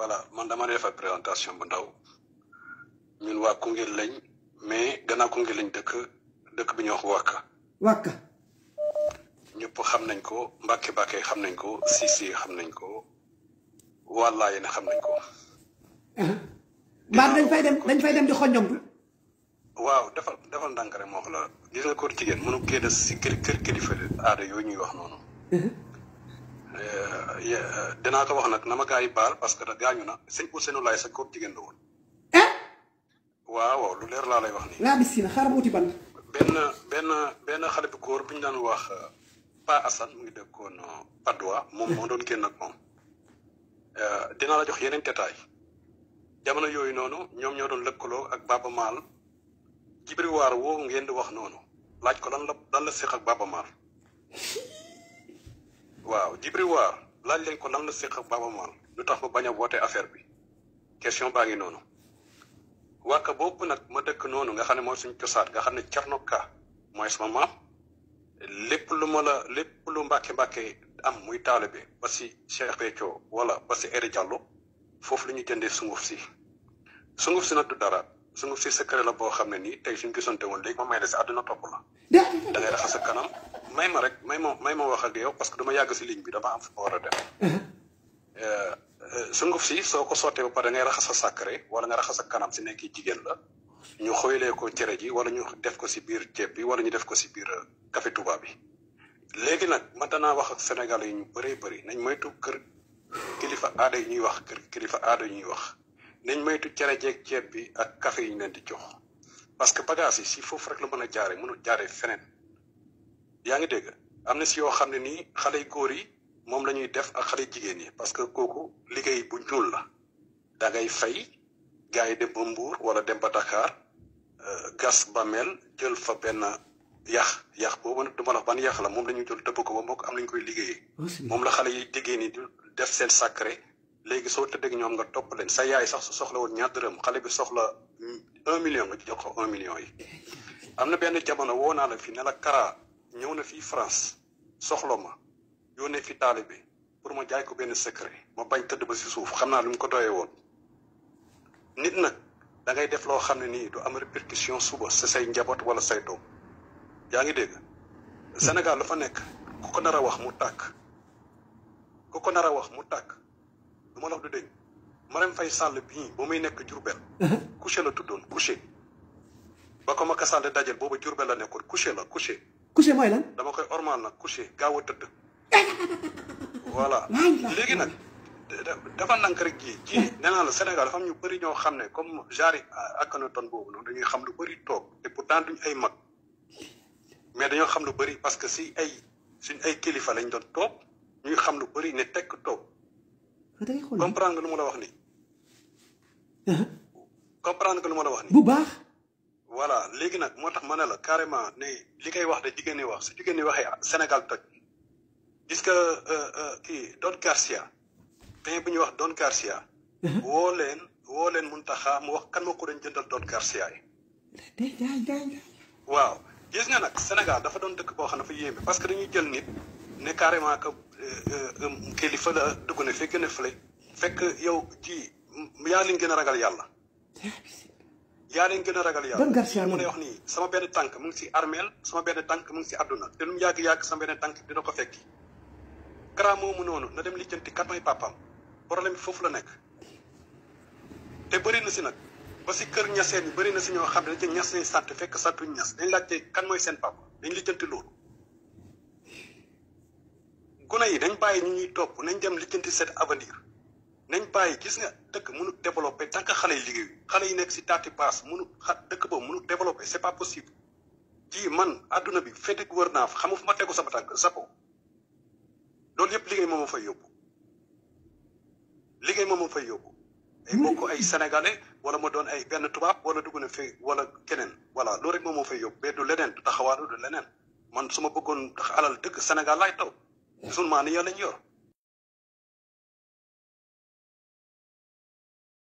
voilà man dama def ab présentation bu ndaw ñun waa Koungheul lañ mais gannaaw Koungheul lañ dëkk dëkk bi ñuy wax Wàkka. Wàkka. ñëpp xam nañ ko Mbàkke Mbàkke xam nañ ko Sisi xam nañ ko Walla yéen xam nañ ko. Uh-huh. baar dañ fay dem dañ fay di waaw defal defal ndànk moo la gis nga ko jigéen mënu kii des si kër kër kilifa aada yooyu ñuy wax noonu. Uh-huh. Euh, dinaa ko wax nag na ma yi baal parce que gaañu na sëñ Ousseynou Laye sa góor jigéen la woon. Eh? waaw lu leer laa lay wax nii. laa bis na xaaral uti benn benn benn xale bu góor bu daan wax euh, Pa Assane mu ngi dëkkoon euh, Padois moom moo doon génn moom. dinaa la jox yeneen détail jamono yooyu noonu ñoom ñoo doon lëkkaloo ak Baba Maal Jibri Waar woo ngeen di wax noonu laaj ko lan la lan la séq ak Baba Maal waaw Jibri Waar laaj leen ko lan na séq ak Baaba Maal lu tax ma bañ a woote affaire bi question baa ngi noonu waaka boobu nag ma dëkk noonu nga xam ne mooy suñ cosaat nga xam ne Cerno Ka mooy sama maam lépp lu ma la lépp lu mbàkke mbàkke am muy taalibe ba si Cheikh Béthio wala ba si Aïda Diallo foofu la ñu jëndee sunguf si sunguf si nag du dara suñu si secret la boo xam ne nii tey suñu gisante woon léegi ma may la si àdduna topp la. da ngay may ma rek may ma may ma wax ak yow parce que dama yàgg si ligne bi dama am fu ma a dem. Uh-huh. Euh, euh, sunguf si soo ko sottee ba pare ngay raxas sa sàkkare wala nga raxas sa kanam si nekki jigéen la ñu xoolee ko cere ji wala ñu def ko si biir ceeb bi wala ñu def ko si biir euh, café Touba léegi nag man danaa wax ak Sénégal yi ñu bëree bëri nañ moytu kër kilifa aada yi ñuy wax kër kilifa aada yi ñuy wax. nañ maytu cere jeeg ceeb bi ak café yi ñu leen di jox parce que bagage yi si foofu rek la mën a jaare mënul jaare feneen yaa ngi dégg am na si yoo xam ne nii xale yu góor yi moom la ñuy def ak xale jigéen ñi parce que kooku liggéey bu ñuul la da fay gars yi dem ba Mbuur wala dem ba Dakar euh, gas bàmmeel jël fa benn yax yax boobu nag duma la wax ban yax la moom la ñuy jël dëpp ko ba mbokk am nañu koy liggéey moom la xale yi jigéen nii di def seen sacré léegi soo tëddeeg ñoom nga topp leen sa yaay sax su soxla woon ñaar dërëm xale bi soxla un million nga jox ko un million yi. am na benn jamono woo naa la fi ne la Kara ñëw na fii France soxla ma yónnee fi taalibe pour ma jaay ko benn secret ma bañ tëdd ba si suuf xam naa lu mu ko doyee woon. nit nag dangay def loo xam ne nii du am répercussion suba si say njaboot wala say doom yaa ngi dégg. Sénégal lu nekk ku ko nar wax mu tàkk ku ko nar wax mu tàkk. lu ma la wax du dëgg Marème Faye Sall bii ba muy nekk Diourbel. couché la tuddoon couché. ba ko Macky Sall dajel boobu Diourbel la nekkoon couché la couché. couché mooy lan. dama koy ormal nag couché gaaw a tëdd. léegi nag. dafa nank rek ji ji Sénégal dafa am ñu bëri ñoo xam ne comme genre ah, Akhenaton boobu noonu dañuy xam lu bëri toog te pourtant duñ ay mag mais dañoo xam lu bëri parce que si ay suñ ay kilifa lañ doon toog ñuy xam lu bëri ne tekk toog. day xool comprendre nga lu ma la wax nii uh-huh. comprendre lu ma la wax ni bu baax. voilà léegi nag moo tax ma ne la carrément ne li koy wax de jigéen ñi wax su jigéen ñi waxee Sénégal toj gis nga euh, euh, kii Don Garcia pain bu ñuy wax doon Garcia. Uh-huh. woo leen woo leen mun Mountakha mu wax kan ma ko jëndal Don Garcia yi. waaw gis nga nag Sénégal dafa doon dëkk boo xam ne dafa yéeme parce que dañuy jël nit. ne carrément que euh, euh, um kilifa la dugg na fi gën a fële fekk yow ji yaa leen gën a ragal yàlla. yaa leen gën a ragal yàlla. mun a mu wax nii sama benn tànk mu ngi si armeel sama benn tànk mu ngi si àdduna te lu mu yàgg yàgg sama benn tànk dina ko fekki. Kara moomu noonu na dem lijjanti kat may papaam problème bi foofu la nekk te bëri na si nag ba si kër ñaseen yi bëri na si ñoo xam ne dañu see ñas lañ sant fekk santuñu ñas dañ laajte kan mooy seen papa dañ lijjanti loolu. gune yi dañ bàyyi ñu ñuy topp nañ dem lijjanti seen avenir nañ bàyyi gis nga dëkk mënu développé tant xale yi liggéeyu xale yi nekk si taati baas mënu xa dëkk boobu mënu développé c'est pas possible jii man àdduna bi féeteg wër naa fa xamu fu ma tegu sama tànk Japon loolu yëpp liggéey moom ma fay yóbbu liggéey moom ma fay yóbbu ay mbokk ay sénégalais wala ma doon ay benn tubaab wala dugg na fi wala keneen voilà loolu rek moom ma fay yóbbu mais du leneen du taxawaalu leneen man su ma bëggoon alal dëkk Sénégal laay taw musulmaan yi lañ yor